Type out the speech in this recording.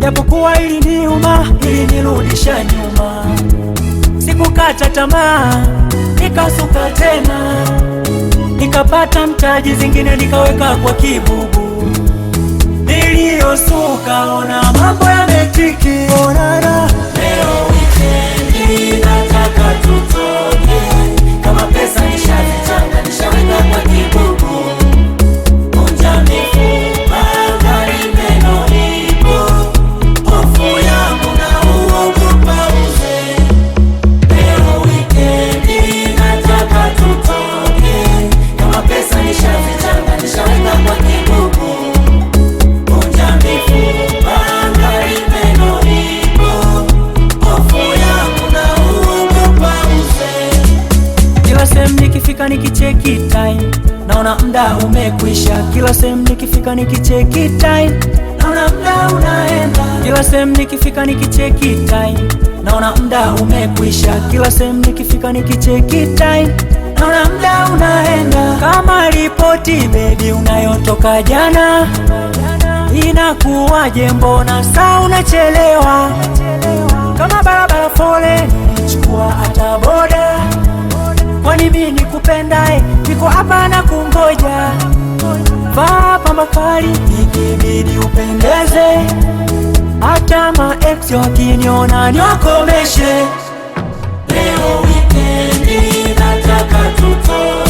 japokuwa iliniuma, ilinirudisha nyuma. Sikukata tamaa, nikasuka tena, nikapata mtaji, zingine nikaweka kwa kibubu. Niliyosuka ona mambo yametiki nikifika nikicheki time, naona mda umekwisha. Kila sehemu nikifika nikicheki time, naona mda unaenda. Kila sehemu nikifika nikicheki time, naona mda umekwisha. Kila sehemu nikifika nikicheki time, naona mda unaenda. Kama ripoti baby unayotoka jana, inakuwaje? Mbona saa unachelewa? Kama barabara foleni nijiandae, niko hapa na kungoja. Vaa pamba kali nikibidi upendeze, hata ma ex wakiniona niokomeshe. Leo wikendi nataka tutoe